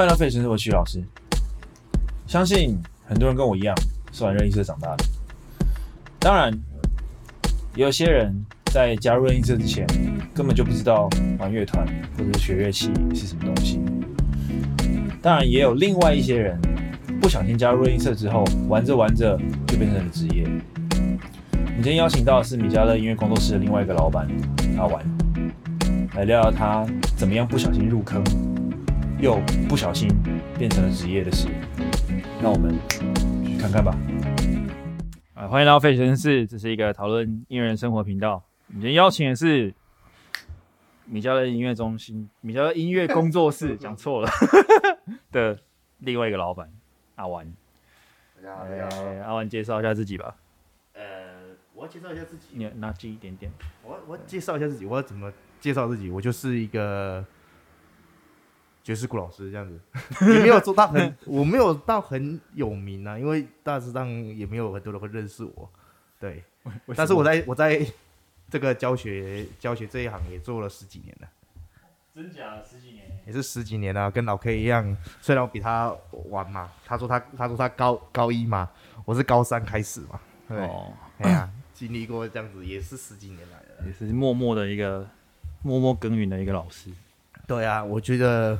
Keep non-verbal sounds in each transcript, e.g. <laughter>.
歡迎來到費雪紳士，我是騎慾老師。相信很多人跟我一樣是玩熱音社長大的。當然，有些人在加入熱音社之前根本就不知道玩樂團或者學樂器是什麼東西。當然，也有另外一些人不小心加入熱音社之後，玩着玩着就變成了職業。我們今天邀請到的是米迦勒音樂工作室的另外一個老闆 ㄚ 源，來聊聊他怎麼樣不小心入坑。又不小心變成了職業的事，那我們去看看吧。啊、歡迎來到費雪紳士，這是一個討論音樂人生活頻道。今天邀請的是米迦勒音樂中心，米迦勒音樂工作室，講 <laughs> 錯錯了 <laughs> 的另外一個老板 ㄚ 源。大家好，我是 ㄚ 源。ㄚ 源介紹一下自己吧。呃，我要介紹一下自己，你要拿近一點點。我我介紹一下自己，我要怎麼介紹自己？我就是一個。爵士鼓老師這樣子，你沒有做到很， <laughs> 我沒有到很有名啊，因為大致上也沒有很多人會認識我，對。但是我在，我在這個教學教學這一行也做了十幾年了，真假的十幾年？也是十幾年啊，跟老 K 一樣。嗯、雖然我比他晚嘛，他說他他說他高高一嘛，我是高三開始嘛，對。哎、哦、呀、啊嗯，經歷過這樣子也是十幾年來的，也是默默的一個默默耕耘的一個老師。對呀、啊，我覺得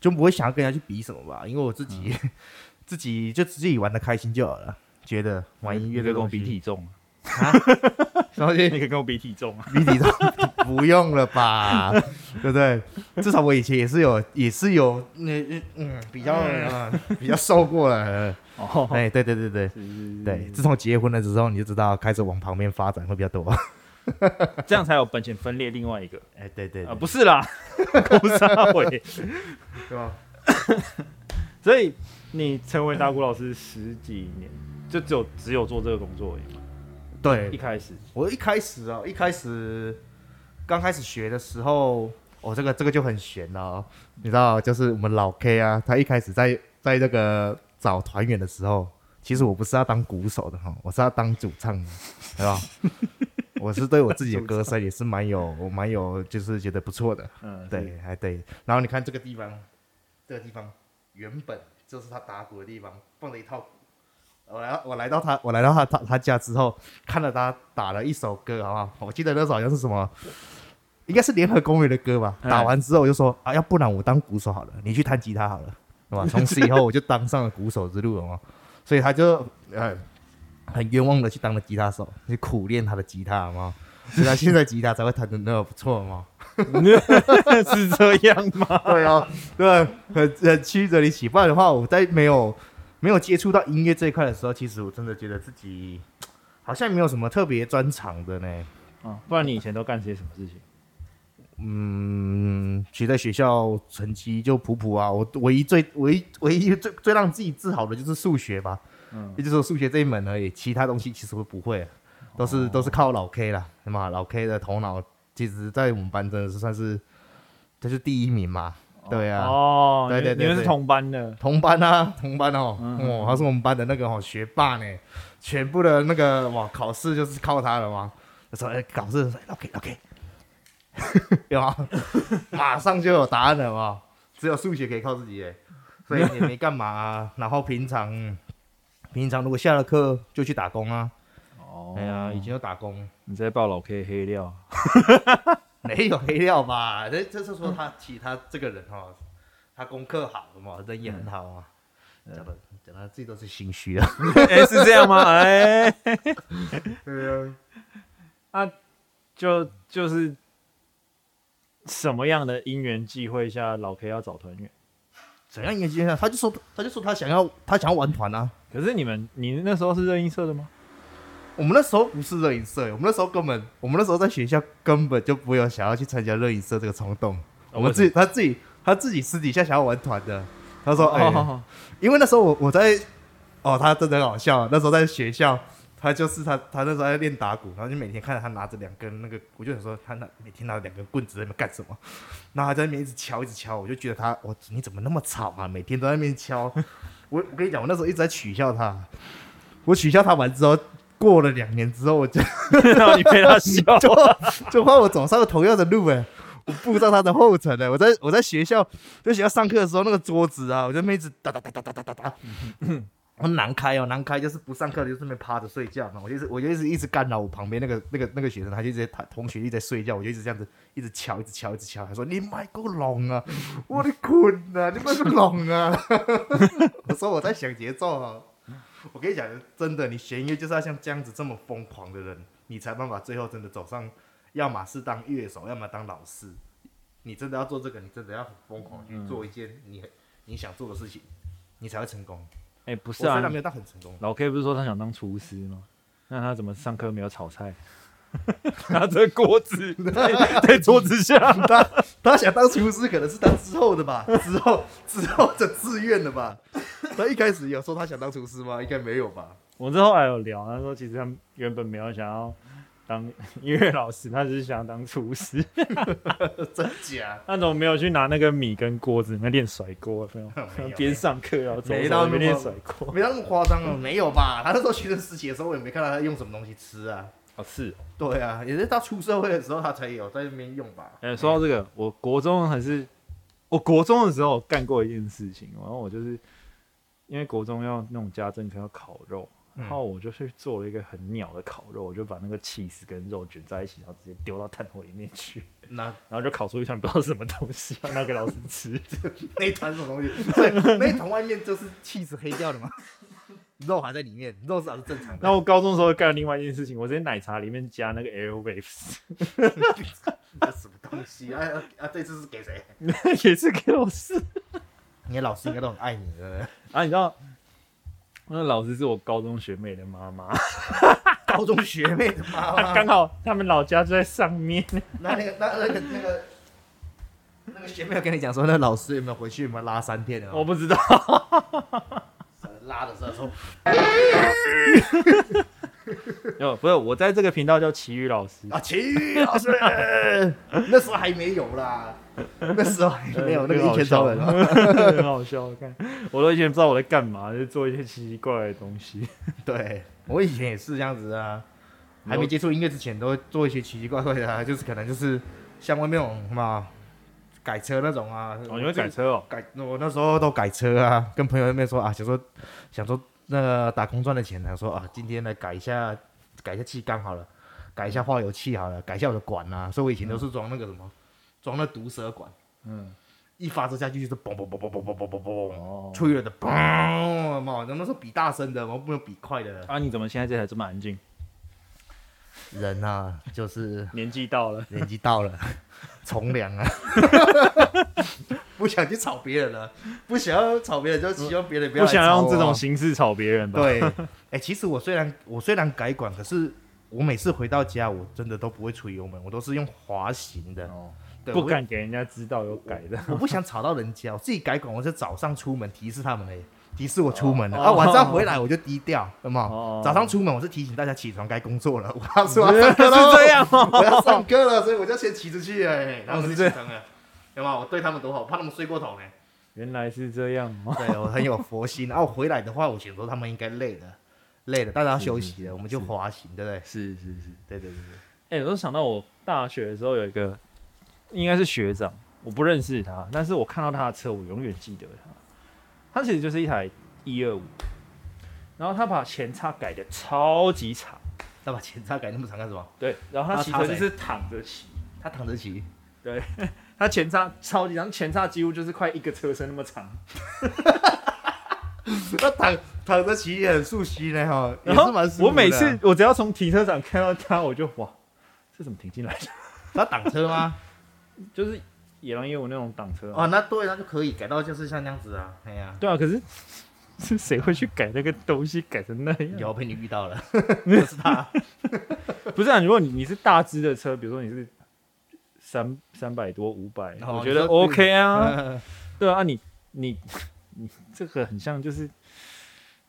就不會想要跟人家去比什麼吧，因為我自己、嗯、自己就自己玩得開心就好了。覺得玩音樂，就跟我比體重啊？小 <laughs> 姐你可以跟我比體重啊？比體重？不用了吧？ <laughs> 對不對？至少我以前也是有，也是有那 <laughs> 嗯比較，嗯比，較 <laughs> 比較瘦過來的哦，哎、 <laughs> 欸，對對對對對，是是對自從結婚了之後，你就知道開始往旁邊發展會比較多。 <laughs> 這樣才有本錢分裂另外一個。哎、欸，對對啊、呃，不是啦，勾殺回，對吧？ <laughs> 所以你成為打鼓老師十幾年，就只有只有做這個工作而已。對，一開始我一開始啊、哦，一開始剛開始學的時候，我、哦、這個這個就很懸哦。你知道，就是我們老 K 啊，他一開始在在這個找團員的時候，其實我不是要當鼓手的哈、哦，我是要當主唱的，對 <laughs> 吧沒有？ <laughs> 我是對我自己的歌聲也是蠻有，我蠻有，就是覺得不錯的。嗯，對，還對。然後你看這個地方，這個地方原本就是他打鼓的地方，放了一套鼓。我來，我來到他，我來到他他他家之後，看了他打了一首歌，好不好？我記得那首好像是什麼，應該是聯合公園的歌吧。打完之後，我就說啊，要不然我當鼓手好了，你去彈吉他好了，好吧？從此以後，我就當上了鼓手之路了嘛。所以他就、嗯很冤枉的去當了吉他手，去苦練他的吉他嗎？所以，他現在吉他才會彈的那麼不錯嗎？是這樣嗎？ <laughs> 對啊，對，很很曲折的起。不然的話，我在沒有沒有接觸到音樂這一塊的時候，其實我真的覺得自己好像沒有什麼特別專長的呢。啊，不然你以前都幹些什麼事情？嗯，其實在學校成績就普普啊。我唯一最唯一唯一最最讓自己自豪的，就是數學吧。嗯、也就是說，數學這一門而已，其他東西其實不會、啊，都是都是靠老 K 啦。那、哦、麼老 K 的頭腦，其實，在我們班真的是算是他、就是第一名嘛、哦？對啊。哦，對對對，對，你們是同班的。同班啊，同班哦，嗯、哦，他是我們班的那個哦學霸呢，全部的那個哇考試就是靠他了嘛。他說：“哎，考試 OK OK， <laughs> 有嗎 <laughs> 啊，馬上就有答案了嘛。只有數學可以靠自己哎，所以也沒幹嘛、啊。 <laughs> 然後平常……平常如果下了課就去打工啊，哦，哎呀，已經要打工。你在爆老 K 黑料？ <laughs> 沒有黑料吧？哎，這是說他，他這個人哈、哦， <laughs> 他功課好嘛、嗯，人也很好嘛。講的講他自己都是心虛啊、 <laughs> 欸。是這樣嗎？哎、 <laughs> 欸， <laughs> 對啊。那、啊、就就是什麼樣的因緣際會下，老 K 要找團員？怎樣因緣際會下？他就說，他就說他想要，他想要玩團啊。可是你們，你那時候是熱音社的嗎？我們那時候不是熱音社，我們那時候根本，我們那時候在學校根本就沒有想要去參加熱音社這個衝動、哦。我們自己，他自己，他自己私底下想要玩團的。他說：“哎、哦欸哦哦，因為那時候我我在……哦，他真的很好笑。那時候在學校，他就是他，他那時候在練打鼓，然後就每天看着他拿着兩根那個，我就想說他那每天拿兩根棍子在那幹什麼？那他在那一直敲，一直敲，我就覺得他，我你怎麼那麼吵啊？每天都在那邊敲。呵呵”我我跟你講，我那時候一直在取笑他，我取笑他完之後，過了兩年之後，我就，然後 <laughs> 你陪他笑、啊 <laughs> 就，就怕我走上了同樣的路哎、欸，我步上他的後塵呢、欸。我在我在學校，在學校上課的時候，那個桌子啊，我這妹子噠噠噠噠噠噠噠噠。嗯我南開哦、喔，南開就是不上課就順、是、便趴着睡覺嘛。我就是，我就一直就一直干擾我旁邊那個那個那個學生，他就直接他同學一直在睡覺，我就一直這樣子一直敲，一直敲，一直敲，他說：“ <laughs> <laughs> 你買個龍啊，我的困吶，你買個龍啊。”我說我在想節奏、喔。我跟你講，真的，你學音樂就是要像這樣子這麼瘋狂的人，你才有辦法最後真的走上，要麼是當樂手，要麼當老師。你真的要做這個，你真的要很瘋狂去做一件、嗯、你你想做的事情，你才會成功。哎、欸，不是啊是在很成功，老 K 不是說他想當廚師嗎？那他怎麼上課沒有炒菜？ <laughs> 拿着鍋子在，在桌子下？ <laughs> 他他想當廚師，可能是他之後的吧， <laughs> 之後之後的自願的吧。 <laughs> 他一開始有說他想當廚師嗎？應該沒有吧。我們之後還有聊，他說其實他原本沒有想要。當音樂老師，他只是想當廚師， <laughs> 真假？那怎麼沒有去拿那個米跟鍋子，裡面練甩鍋？沒有，邊上課要，啊。沒到邊練甩鍋，沒那麼誇張哦，沒有吧？他那時候學生時期的時候，我也沒看到他用什麼東西吃啊。哦，是哦，對啊，也是他出社會的時候，他才有在那邊用吧。哎、欸，說到這個，嗯、我國中還是我國中的時候，幹過一件事情，然後我就是因為國中要那種家政課要烤肉。嗯、然後我就去做了一個很鳥的烤肉，我就把那個 cheese 跟肉捲在一起，然後直接丟到炭火裡面去。然後就烤出一串不知道什麼東西，拿給老師吃。 <laughs> 那串什麼東西？對， <laughs> 那串外面就是 cheese 黑掉的嘛， <laughs> 肉還在裡面，肉是還是正常的。然後我高中的時候幹了另外一件事情，我直接奶茶裡面加那個 Airwaves。那 <laughs> <laughs> 什麼東西？啊啊，啊！這次是給誰？ <laughs> 也是給老師。 <laughs> 你的老師應該都很愛你的。啊，你知道？那老師是我高中學妹的媽媽， <laughs> 高中學妹的媽媽剛好他們老家就在上面。那 <laughs> 那個那，那個那個那個學妹有跟你講說，那老師有沒有回去？有沒有拉三天啊？我不知道， <laughs> 拉的時候。 <laughs> <laughs> <laughs> 有、 <laughs> 哦、不是我在這個頻道叫騎慾老師啊，騎慾老師， <laughs> 那時候還沒有啦， <laughs> 那時候還沒有、 <laughs> 呃、那個以前笑人，那個、 <laughs> 很好笑。我看，我都以前不知道我在幹嘛，就是、做一些奇奇怪怪的東西。 <laughs> 對，我以前也是這樣子啊，還沒接觸音樂之前，都會做一些奇奇怪怪的、啊，就是可能就是像外面那種什麼改車那種啊，哦，你會改車哦，改我那時候都改車啊，跟朋友那邊說啊，想說想說。那個打工賺的錢呢，他說啊，今天來改一下，改一下氣缸好了，改一下化油器好了，改一下我的管啊。所以我以前都是裝、嗯、那個什麼，裝那毒蛇管，嗯，一發車下去就是嘣嘣嘣嘣嘣嘣嘣嘣嘣，吹的嘣，然後那時比大聲的，我不能比快的。啊，你怎麼現在這才這麼安靜？人吶，就是年紀到了，年紀到了，從良啊。不想去吵別人了，不想要吵別人，就希望別人不要、啊。不想用這種形式吵別人吧？ <laughs> 對。哎、欸，其實我雖然我雖然改管，可是我每次回到家，我真的都不會吹油門，我都是用滑行的。哦對。不敢給人家知道有改的。我，我不想吵到人家，我自己改管。我是早上出門提示他們嘞、欸，提示我出門了、哦哦、啊。晚上回來我就低調，哦。早上出門我是提醒大家起床該工作了，我要上課了，這樣、哦。 <laughs> 我要上課了，所以我就先騎出去哎、欸嗯，然後就這樣了。對嘛？我對他們多好，怕他們睡過頭呢。原來是這樣嗎？對，我很有佛心。然 <laughs> 後、啊、回來的話，我覺得他們應該累了，累了，當然要休息了。我們就滑行，對不對，對，對？是是是，對對對。哎、欸，我都想到我大學的時候有一個，應該是學長，我不認識他，但是我看到他的車，我永遠記得他。他其實就是一台一二五，然後他把前叉改的超級長。他把前叉改那麼長幹什麼？對，然後他騎車就是躺着騎。他躺着騎？對。它前叉超級長，前叉幾乎就是快一個車身那麼長。那 <laughs> <laughs> 躺躺着騎也很舒適呢哈，也是蠻舒服的，啊、我每次我只要從停車場看到它，我就哇，這怎麼停進來的？他擋車嗎？ <laughs> 就是野狼也，也有那種擋車哦、啊啊，那一張就可以改到就是像這樣子啊，對啊，對啊，可是是誰會去改那個東西改成那樣？你要陪你遇到了，是他。不是啊，如果你你是大隻的車，比如說你是。三三百多五百、哦，我覺得 OK 啊。嗯嗯、對啊，你你你這個很像就是，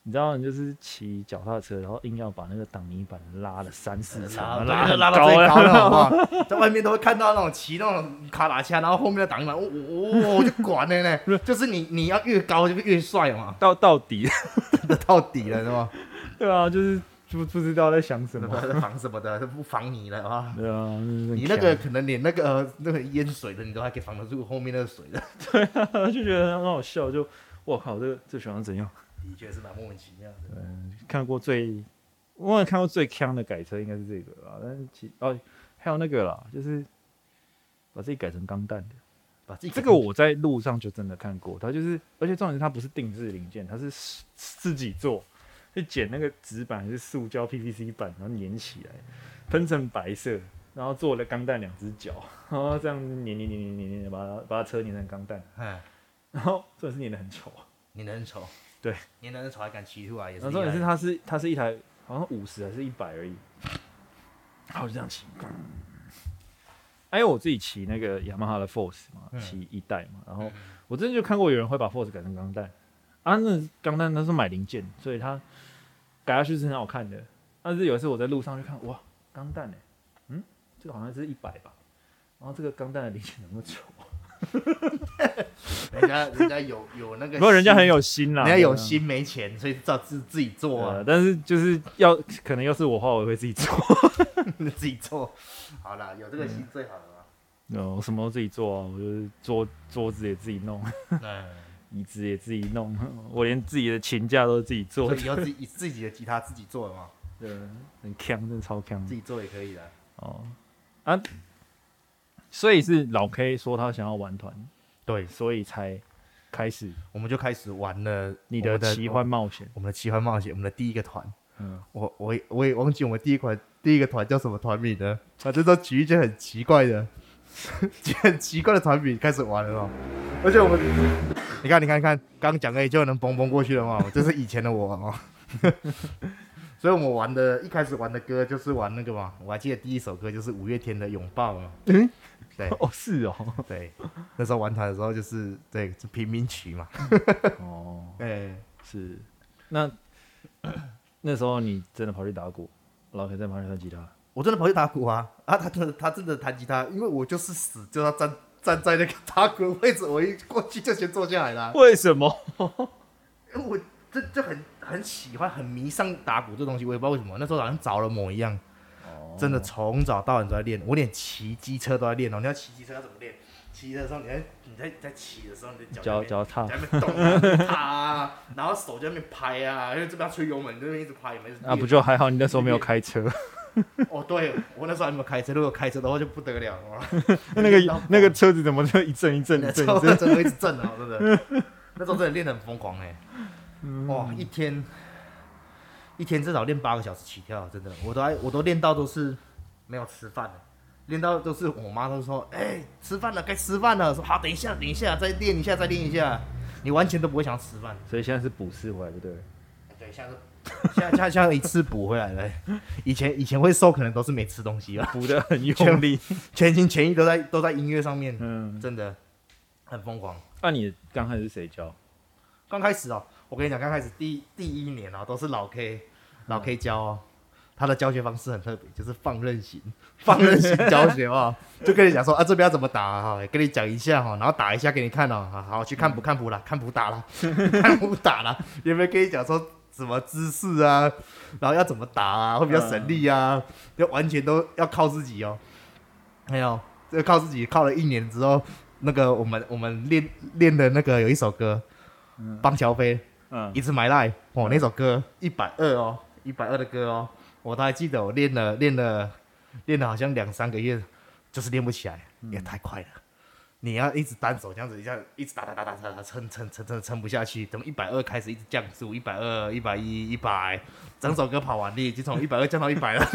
你知道，你就是騎腳踏車，然後硬要把那個擋泥板拉了三四層、嗯，拉、啊、拉到最高的話 <laughs> 在外面都會看到那種騎那種卡達車，然後後面的擋板，我我我就管了、欸、呢。 <laughs> 就是你你要越高就越帥嘛，到到底, <laughs> <laughs> 到底了，到底了是吧？Okay, 對啊，就是。就不知道在想什麼， <laughs> 防什麼的，都不防你了啊！對啊， <laughs> 你那個可能連那個那個淹水的，你都還可以防得住後面那個水的。對啊，就覺得很好笑，就我靠，這個、這這個、車怎樣？的確是蠻莫名其妙的。嗯，看過最我也看過最強的改車應該是這個吧，但是其哦還有那個啦，就是把自己改成鋼彈的，把自己這個我在路上就真的看過，他就是而且重點是他不是定制零件，他是自己做。就撿那個紙板還是塑膠 PVC 板，然後粘起來，噴成白色，然後做了鋼彈兩隻腳，然後這樣粘粘粘粘粘粘，把它把它車粘成鋼彈、嗯，然後真的是粘的很醜，粘的很醜，對，粘的很醜還敢騎出來，也是。重點是它是它是一台好像五十還是一百而已，然後就這樣騎、嗯。哎，我自己騎那個雅馬哈的 Force 嘛，騎一代嘛，然後我之前就看過有人會把 Force 改成鋼彈，啊，那鋼彈那是買零件，所以他。改下去是很好看的，但是有一次我在路上去看，哇，鋼彈呢？嗯，這個好像是一百吧，然後這個鋼彈的理解能不能做，人家人家有有那個，不過人家很有心啦，人家有心沒錢，所以自自自己做、啊，但是就是要可能要是我的話我會自己做， <laughs> <laughs> 自己做好了，有這個心最好的了，有、嗯，no, 我什麼都自己做、啊，我就是桌桌子也自己弄，對。 <laughs> <laughs> 椅子也自己弄、嗯，我連自己的琴架都是自己做。要自己以自己的吉他自己做的嗎？ <laughs> 對，很強，真的超強。自己做也可以的哦。啊，所以是老 K 說他想要玩團，對，所以才開始，我們就開始玩了。你的奇幻冒險，我們的奇幻冒險，我們的第一個團。嗯，我我也我也忘記我們第一個第一個團叫什麼團名了。那、嗯啊、這都舉一些很奇怪的， <laughs> 很奇怪的團名開始玩了、嗯，而且我們。嗯你看，你看，你看，剛講的也就能蹦蹦過去了嘛， <laughs> 這是以前的我， <laughs> 所以，我們玩的一開始玩的歌就是玩那個嘛，我還記得第一首歌就是五月天的擁抱嘛、嗯，對，哦，是哦，對，那時候玩團的時候就是對，是平民曲嘛， <laughs> 哦，哎，是，那那時候你真的跑去打鼓，老田在旁邊彈吉他，我真的跑去打鼓啊，啊，他真的，他真的彈吉他，因為我就是死就他真。站在那個打鼓的位置，我一過去就先坐下來了。為什麼？因為我這這很很喜歡，很迷上打鼓這東西。我也不知道為什麼，那時候好像着了魔一樣。哦。真的從早到晚都在練，我連騎機車都在練哦。你要騎機車要怎麼練？騎車的時候，你哎，你在你在騎的時候，你的腳腳踏在那邊動，踏，那啊， <laughs> 然後手在那邊拍啊， <laughs> 因為這邊要吹油門，這邊一直拍，也沒什麼。啊，不就還好，你那時候沒有開車。 <laughs> <laughs> 哦，對，我那時候還沒有開車，如果開車的話就不得了、哦、 <laughs> 那，那個那個車子怎麼就一陣一陣一陣一陣一， <laughs> 一直震啊、哦？真的，那時候真的練得很瘋狂哎、欸。哇，一天一天至少練八個小時起跳，真的，我都還我都練到都是沒有吃飯的，練到都是我媽都說，哎、欸，吃飯了，該吃飯了。說好，等一下，等一下，再練一下，再練一下，你完全都不會想吃飯。所以現在是補釋懷，對不對？對，下次。像像像，一次補回來了，以前以前會瘦，可能都是沒吃東西吧，補得很用力全，全心全意都在都在音樂上面，嗯，真的很瘋狂。那、啊、你剛開始是誰教？剛開始哦，我跟你講，剛開始第第一年哦，都是老 K，老 K 教哦，嗯，他的教學方式很特別，就是放任型，放任型教學哦，就跟你講說啊這邊要怎麼打哈、啊，跟你講一下哈、哦，然後打一下給你看哦，好去看譜看譜了，看譜打了，看譜打了，有 <laughs> 沒有跟你講說？什麼姿勢啊？然後要怎麼打啊？會比較省力啊、嗯？就完全都要靠自己哦。沒有，要靠自己。靠了一年之後，那個我們我們練練的那個有一首歌，嗯、邦喬飛，嗯、一直埋賴。哦，那首歌一百二哦，一百二的歌哦，我都還記得，我練了練了練了，練了好像兩三個月，就是練不起來，也太快了。嗯你要一直單手這樣子，一下一直打打打打打，撐撐撐撐撐不下去。從一百二開始一直降速，十五、一百二、一百一、一百，整首歌跑完，你已經從一百二降到一百了。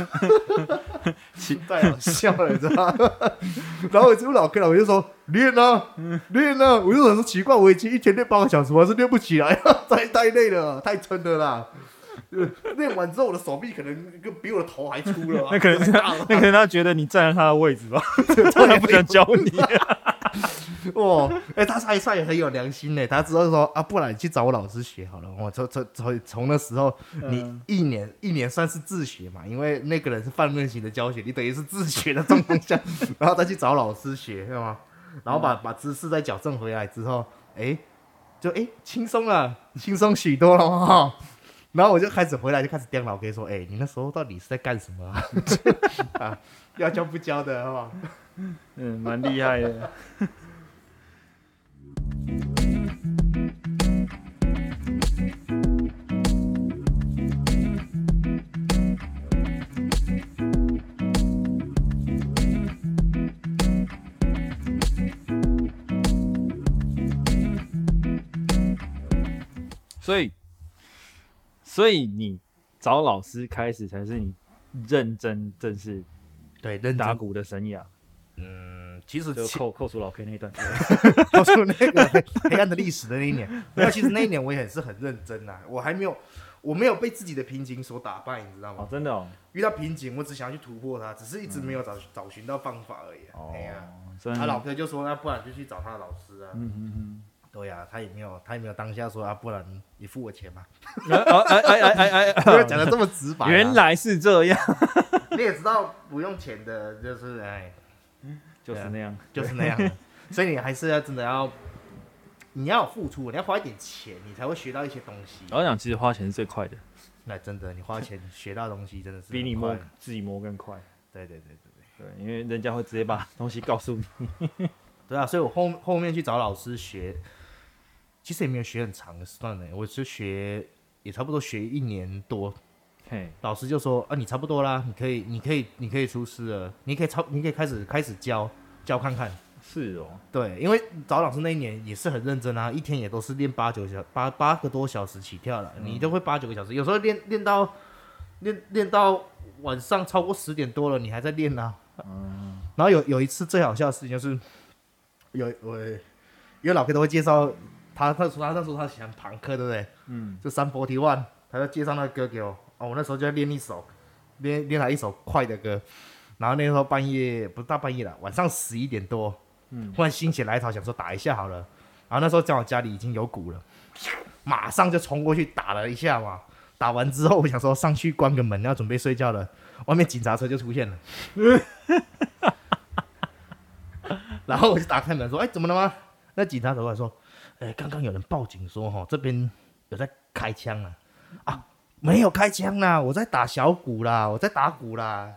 奇怪啊，笑了，你知道嗎？ <laughs> <laughs> 然後我就老 K 了， <laughs> 我就說練呢，練呢。我就很奇怪，我已經一天練八個小時，我還是練不起來，太太累了，太撐了啦。練 <laughs> 完之後，我的手臂可能跟比我的頭還粗了、啊。 <laughs> 那可能是，啊、 <laughs> 那可能他覺得你站在他的位置吧， <laughs> 他不想教你、啊。 <laughs> 哦，哎、欸，他還算也很有良心呢、欸，他知道說啊，不然你去找我老師學好了。從從從從那時候，你一年、嗯、一年算是自學嘛，因為那個人是放任型的教學，你等於是自學的狀況下，然後再去找老師學嗎？然後把、嗯、把姿勢再矯正回來之後，哎、欸，就哎輕鬆了，輕鬆許多了、哦，然後我就開始回來，就開始刁老哥說：“哎，你那時候到底是在幹什麼啊？ <laughs> <laughs> 啊要教不教的哈？ <laughs> 嗯，蠻厲害的。 <laughs> ”所以。所以你找老師開始才是你認真正式對打鼓的生涯。嗯，其實就扣扣除老 K 那段， <laughs> <laughs> 扣除那個黑暗的歷史的那一年。 <laughs> 沒有，其實那一年我也是很認真啊，我還沒有，我沒有被自己的瓶頸所打敗，你知道嗎？哦、真的，哦，遇到瓶頸，我只想要去突破它，只是一直沒有找、嗯、找尋到方法而已。哎呀、所以他老 K 就說，那不然就去找他的老師啊。嗯，嗯，嗯對呀、啊，他也沒有，他也沒有當下說啊，不然你付我錢吧、 <laughs> 啊啊啊啊啊 <laughs> 啊。不要講的這麼直白。原來是這樣， <laughs> 你也知道不用錢的，就是哎，就是那樣，啊、就是那樣。 <laughs> 所以你還是要真的要，你要付出，你要花一點錢，你才會學到一些東西。我想，其實花錢是最快的。那真的，你花錢學到東西，真的是比你摸自己摸更快。對，對對對對對。對，因為人家會直接把東西告訴你。 <laughs> 對啊，所以我後後面去找老師學。其實也沒有學很長的時段呢，我是學也差不多學一年多嘿。老師就說：“啊，你差不多啦，你可以，你可以，你可以出師了，你可以超，你可以開始開始教教看看。”是哦，對，因為找老師那一年也是很認真啊，一天也都是練八九小八八個多小時起跳了、嗯，你都會八九個小時，有時候練練到練練到晚上超過十點多了，你還在練啊。嗯，然後有有一次最好笑的事情就是，有我因為老師都會介紹，他他說他那時候他喜歡龐克，對不對？嗯。就 Sum 41，他就介紹那個歌給我。哦，我那時候就在練一首，練練了一首快的歌。然後那時候半夜不是大半夜了，晚上十一點多。嗯。忽然心血來潮，想說打一下好了。然後那時候在我家裡已經有鼓了，馬上就衝過去打了一下嘛。打完之後，我想說上去關個門，要準備睡覺了。外面警察車就出現了。 <laughs> <laughs> 然後我就打開門說：“哎、欸，怎麼了嗎？”那警察走來說。哎、欸，剛剛有人報警說，哈、喔，這邊有在開槍啊，啊，沒有開槍啦，我在打小鼓啦，我在打鼓啦。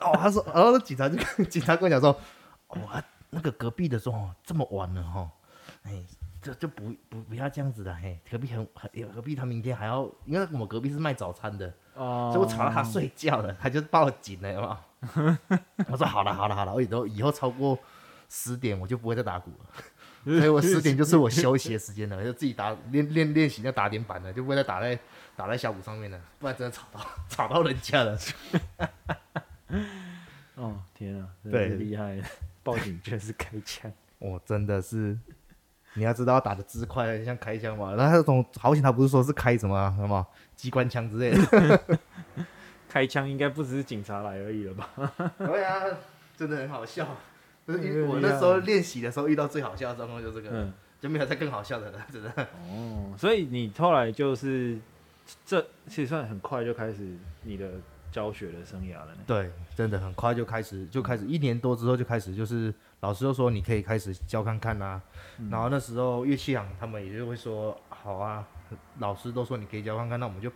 哦、 <laughs> 喔，他說，然後警察就跟警察跟我講說，我、喔、那個隔壁的說，哦、喔，這麼晚了，哈、喔，哎、欸，這就，就不不不要這樣子的，嘿、欸，隔壁很，很，隔壁他明天還要，因為我們隔壁是賣早餐的，哦、oh.，所以我吵到他睡覺了，他就報警了，好 <laughs> 我說好了，好了，好了，我以後以後超過十點我就不會再打鼓了。所以我十點就是我休息的時間了， <laughs> 就自己打練練練習，那打點板了就為了打在打在小鼓上面了，不然真的吵到吵到人家了。 <laughs> 哦天啊，真的很厲害！報警全是開槍，我真的是，你要知道要打得之快，像開槍嘛。那後他那種好險他不是說是開什麼什麼機關槍之類的， <laughs> <laughs> 開槍應該不只是警察來而已了吧？對 <laughs> 啊，真的很好笑。就是因為我那時候練習的時候遇到最好笑的狀況，就是這個，嗯、就沒有再更好笑的了，真的。哦，所以你後來就是這其實算很快就開始你的教學的生涯了、欸。對，真的很快就開始，就開始、嗯、一年多之後就開始，就是老師就說你可以開始教看看啦、啊。嗯、然後那時候樂器行他們也就會說好啊，老師都說你可以教看看，那我們就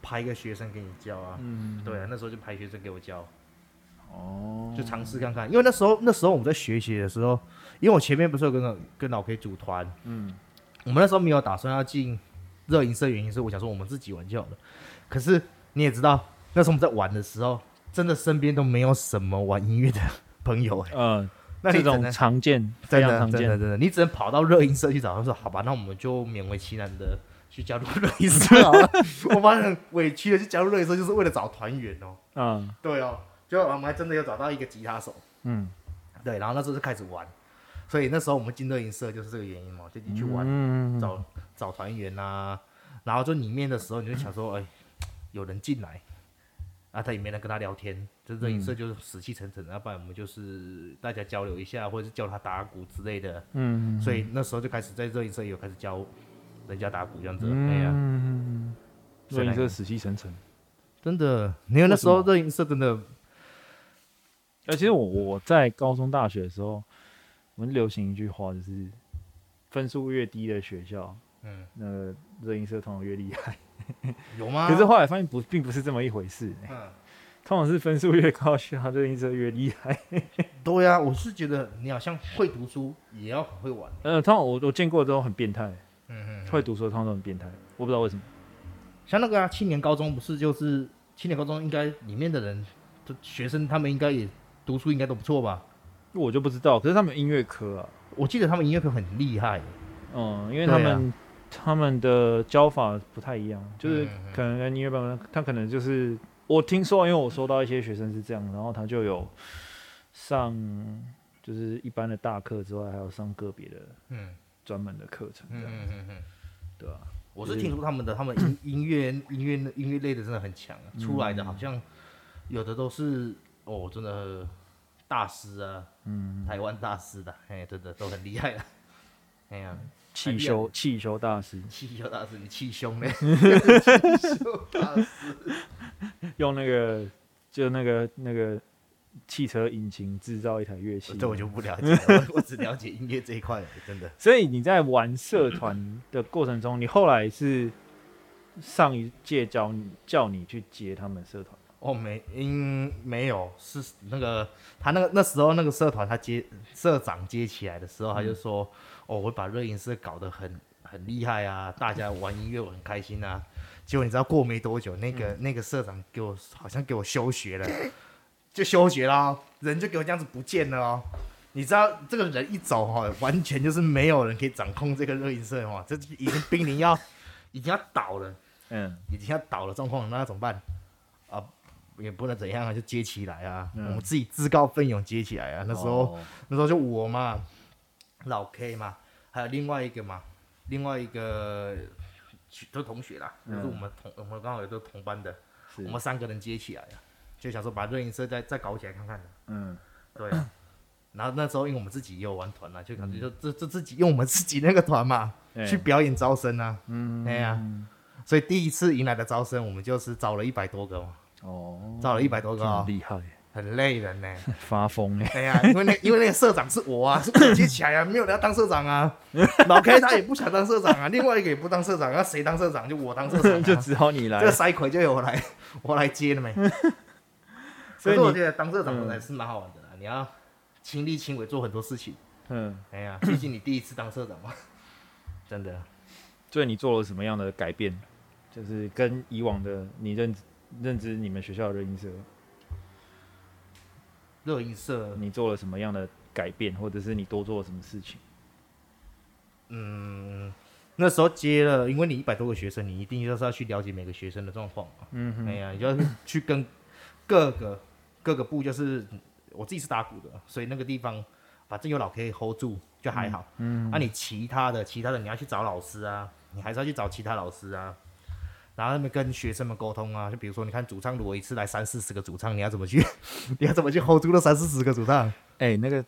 派一個學生給你教啊。嗯。對、啊，那時候就派學生給我教。哦，就嘗試看看，因為那時候那時候我們在學習的時候，因為我前面不是有跟跟老 K 組團，嗯，我們那時候沒有打算要進熱音社，原因是我想說我們自己玩就好了。可是你也知道，那時候我們在玩的時候，真的身邊都沒有什麼玩音樂的朋友、欸，嗯、呃，這種常見，非常常見真的真的，真的，你只能跑到熱音社去找，他說好吧，那我們就勉為其難的去加入熱音社好了， <laughs> <laughs> 我媽很委屈的，去加入熱音社就是為了找團員哦、喔，嗯，對哦、啊。因為我們還真的有找到一個吉他手。嗯，對，然後那時候就開始玩，所以那時候我們進熱音社就是這個原因嘛，就進去玩，嗯嗯嗯、找找團員吶、啊。然後就裡面的時候，你就想說，哎、欸，有人進來，啊，他也沒人跟他聊天，就熱音社就是死氣沉沉。要、嗯啊、不然我們就是大家交流一下，或者是教他打鼓之類的。嗯，所以那時候就開始在熱音社有開始教人家打鼓這樣子。嗯、樣子對呀、啊，所以這個死氣沉沉，真的，因為那時候熱音社真的。哎、呃，其實我我在高中、大學的時候，我們流行一句話就是：分數越低的學校，嗯，那熱音社通常越厲害，有嗎？可是後來發現不，並不是這麼一回事，欸。嗯，通常是分數越高，學校熱音社越厲害。對啊，我是覺得你好像會讀書也要很會玩，欸。嗯、呃，通常我我見過這種很變態。嗯，會讀書的通常都很變態，我不知道為什麼。像那個啊，青年高中，不是就是青年高中，應該裡面的人，這學生他們應該也。讀書應該都不錯吧？我就不知道。可是他們音樂科啊，我記得他們音樂科很厲害。嗯，因為他們、啊、他們的教法不太一樣，就是可能跟音樂班，他可能就是我聽說，因為我收到一些學生是這樣，然後他就有上就是一般的大課之外，還有上個別的嗯專門的課程，這樣、嗯嗯嗯嗯嗯、對吧、啊？我是聽說他們的他們音樂、嗯、音樂音樂音樂類的真的很強、嗯，出來的好像有的都是。哦，真的大師啊，嗯，台灣大師的、啊，哎，真的都很厲害了啊。哎呀，汽修汽修大師，汽修大師，汽修嘞，汽 <laughs> 修大師，用那個就那個那個汽車引擎製造一台樂器，這、哦、我就不了解， <laughs> 我只了解音樂這一塊，真的。所以你在玩社團的過程中，你後來是上一屆教叫，叫你去接他們社團。哦，沒，嗯，沒有，是那個他那個那時候那個社團，他接社長接起來的時候，他就說、嗯，哦，我把熱音社搞得很很厲害啊，大家玩音樂我很開心啊。結果你知道過沒多久，那個、嗯、那個社長給我好像給我休學了，就休學了、哦，人就給我這樣子不見了哦。你知道這個人一走哈、哦，完全就是沒有人可以掌控這個熱音社嘛、哦，這已經瀕臨要 <laughs> 已經要倒了，嗯，已經要倒了狀況，那怎麼辦？啊？也不能怎樣啊，就接起來啊！嗯、我們自己自告奮勇接起來啊！那時候、哦，那時候就我嘛，老 K 嘛，還有另外一個嘛，另外一個都同學啦、嗯，就是我們同我們剛好也都同班的，我們三個人接起來啊，就想說把熱音社再再搞起來看看、啊。嗯，對、啊。然後那時候，因為我們自己也有玩團了、啊、就感覺就自自、嗯、自己用我們自己那個團嘛、嗯、去表演招生啊。嗯，對呀、啊。所以第一次迎來的招生，我們就是招了一百多個嘛。哦，招了一百多個，厲害，很累人呢， <laughs> 發瘋哎呀，因為那 <laughs> 因為那個社長是我啊，是不能接起來啊，沒有人要當社長啊， <laughs> 老 K 他也不想當社長啊， <laughs> 另外一個也不當社長、啊，那誰當社長就我當社長、啊， <laughs> 就只好你來，這個衰鬼就由我來，我來接了沒？ <laughs> 所以我覺得當社長本來是蠻好玩的、嗯，你要親力親為做很多事情，嗯，哎呀，畢竟你第一次當社長嘛，真的，對 <laughs> 你做了什麼樣的改變？就是跟以往的你認識。認知你們學校熱音社、熱音社，你做了什麼樣的改變，或者是你多做了什麼事情？嗯，那時候接了，因為你一百多個學生，你一定就是要去了解每個學生的狀況。嗯，哎呀，你就去跟各個、嗯、各個部，就是我自己是打鼓的，所以那個地方反正有老 K hold 住就還好。嗯。那、啊、你其他的其他的，你要去找老師啊，你還是要去找其他老師啊。然後他們跟學生們溝通啊，就比如說，你看主唱如果一次來三四十個主唱，你要怎麼去， <laughs> 你要怎麼去 hold 住那三四十個主唱？哎，那個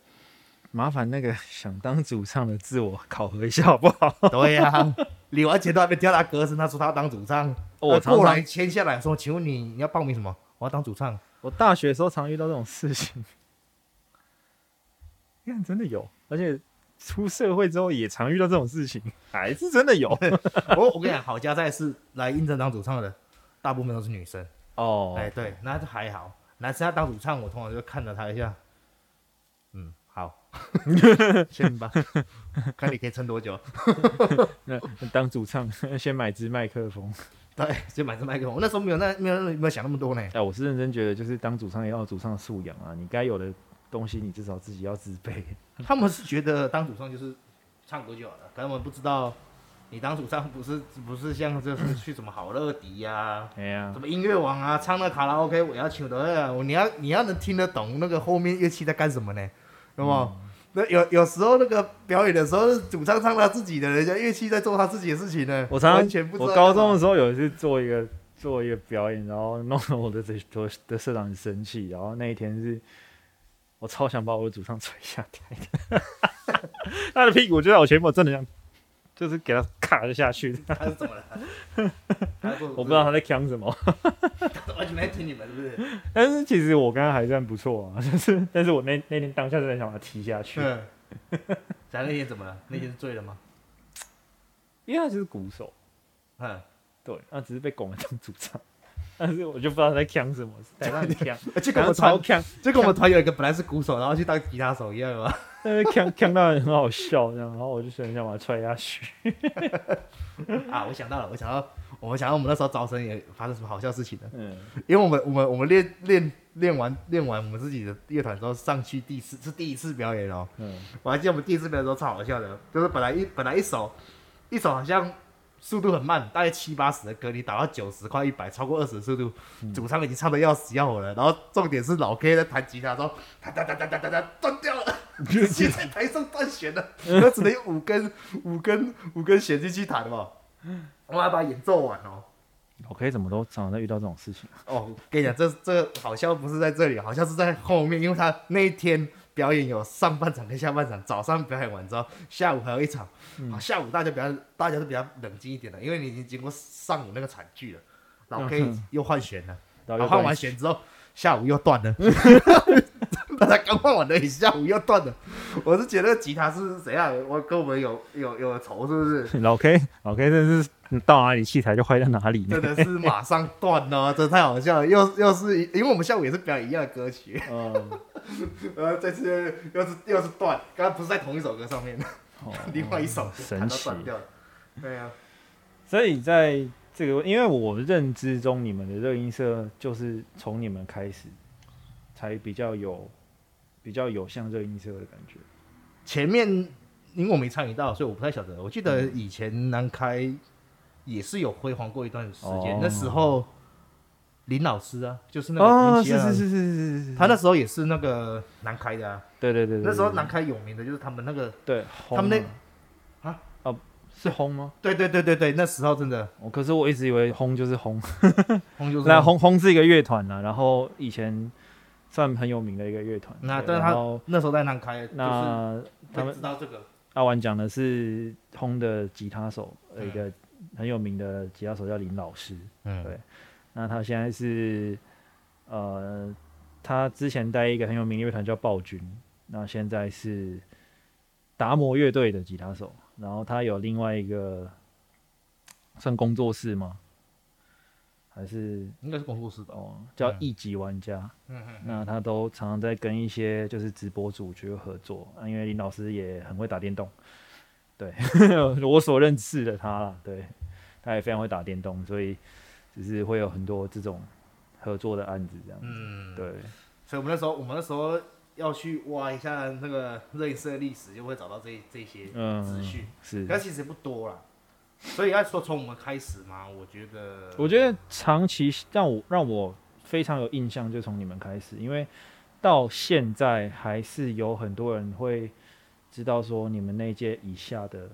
麻煩那個想當主唱的自我考核一下好不好？對呀、啊，李華杰都還沒調他歌聲，他說他要當主唱，我、哦、後來簽下來說，哦、常常請問你，你要報名什麼？我要當主唱，我大學的時候常遇到這種事情，哎、你真的有，而且。出社會之後也常遇到這種事情，還是真的有。我我跟你講，好家在是來應徵當主唱的，大部分都是女生。哦、Oh, okay. 欸，哎對，那就還好。男生要當主唱，我通常就看了他一下。嗯，好， <laughs> 先吧把， <laughs> 看你可以撐多久。 <laughs> 那當主唱，先買支麥克風。對，先買支麥克風。那時候沒有那沒有那沒有想那麼多呢。哎、欸，我是認真覺得，就是當主唱也要有主唱的素養啊，你該有的。東西你至少自己要自備 <laughs> 。他們是覺得當主唱就是唱歌就好了，他們不知道你當主唱不是不是像這是去什麼好樂迪呀、啊，哎 <laughs> 呀、啊，什麼音樂王啊，唱那卡拉 OK，我要求的，你要你要能聽得懂那個後面樂器在幹什麼呢？懂嗎、嗯？那有有時候那個表演的時候，主唱唱他自己的人，人家樂器在做他自己的事情呢。我常常我高中的時候有一次做一個 <laughs> 做一個表演，然後弄得我的社的社長很生氣，然後那一天是。我超想把我的主唱踹下台的 <laughs> <laughs> 他的屁股就在我前面，我真的想，就是給他卡了下去。他是怎麼了 <laughs> 是是？我不知道他在嗆什麼。他怎麼就沒聽你們是不是？但是其實我剛剛還算不錯啊，就是但是我那那天當下真的想把他踢下去、嗯。咱 <laughs> 那天怎麼了？那天是醉了嗎？因為他就是鼓手，嗯，對，他只是被拱了成主唱。但是我就不知道他在鏘什麼，在那裡鏘，而且感覺超鏘，就跟我們團 <laughs> 有一個本來是鼓手，然後去當吉他手一樣嘛。那個鏘鏘到很好笑，這樣。然後我就想一下把他踹下去。啊，我想到了，我想到，我們想到我們那時候招生也發生什麼好笑事情的。嗯，因為我們我們我們練練練完練完我們自己的樂團之後，上去第四是第一次表演哦、喔。嗯，我還記得我們第一次表演的時候超好笑的，就是本來一本來一首，一首好像。速度很慢，大概七八十的歌，你打到九十快一百，超過二十的速度，嗯，主唱已經唱的要死要活了。然後重點是老 K 在彈吉他的時候，噠噠噠噠噠噠斷掉了，了，直接在台上斷弦了。他，嗯、只能用五根五根五根弦進去彈嘛、哦。我來把他演奏完哦，老 K 怎麼都常常在遇到這種事情哦，跟你講，這這好像不是在這裡，好像是在後面，因為他那一天。表演有上半場跟下半場，早上表演完之後，下午還有一場。嗯啊、下午大家比較，大家是比較冷靜一點的，因為你已經經過上午那個慘劇了，嗯。老 K 又換弦了，後、啊、換完弦之後，下午又斷了。 <laughs> 剛換完的，一下午又斷了。我是覺得吉他是怎樣，啊，我跟我們有有有，有仇是不是？老 K，老 K，這是到哪裡器材就壞在哪裡呢。真的是馬上斷了，哦，真 <laughs> 的太好笑了。又又是因為我們下午也是表演一樣的歌曲。嗯然 <laughs> 後、呃、這次又是又是斷，剛剛不是在同一首歌上面的，哦、 <laughs> 另外一首就彈到斷掉了。對啊，所以在這個，因為我認知中，你們的熱音社就是從你們開始才比較有比較有像熱音社的感覺。前面因為我沒參與到，所以我不太曉得。我記得以前南開也是有輝煌過一段時間，哦、那時候。林老師啊，就是那個啊，是、哦、是是是是是，他那時候也是那個南開的啊，對對對，對，對，對，那時候南開有名的就是他們那個，對，他們那啊哦、啊、是轟嗎？對對對對對，那時候真的，哦、可是我一直以為轟就是轟，轟就是來轟，轟是一個樂團啊，然後以前算很有名的一個樂團，那但是他那時候在南開就是那，那他們知道這個阿源講的是轟的吉他手，一個很有名的吉他手叫林老師，嗯對。嗯對。那他現在是，呃，他之前帶一個很有名樂團叫暴君，那現在是達摩樂隊的吉他手，然後他有另外一個算工作室嗎？還是應該是工作室吧，哦，叫一級玩家，嗯。那他都常常在跟一些就是直播主角合作，因為林老師也很會打電動，對 <laughs> 我所認識的他啦，對，他也非常會打電動，所以。只是會有很多這種合作的案子這樣子，嗯，對。所以我們那時候，我們那時候要去挖一下那個攝影的歷史，就會找到這這些資訊，嗯。是，但其實不多了。所以要說從我們開始嘛，我覺得，我覺得長期讓我讓我非常有印象，就從你們開始，因為到現在還是有很多人會知道說你們那一屆以下的，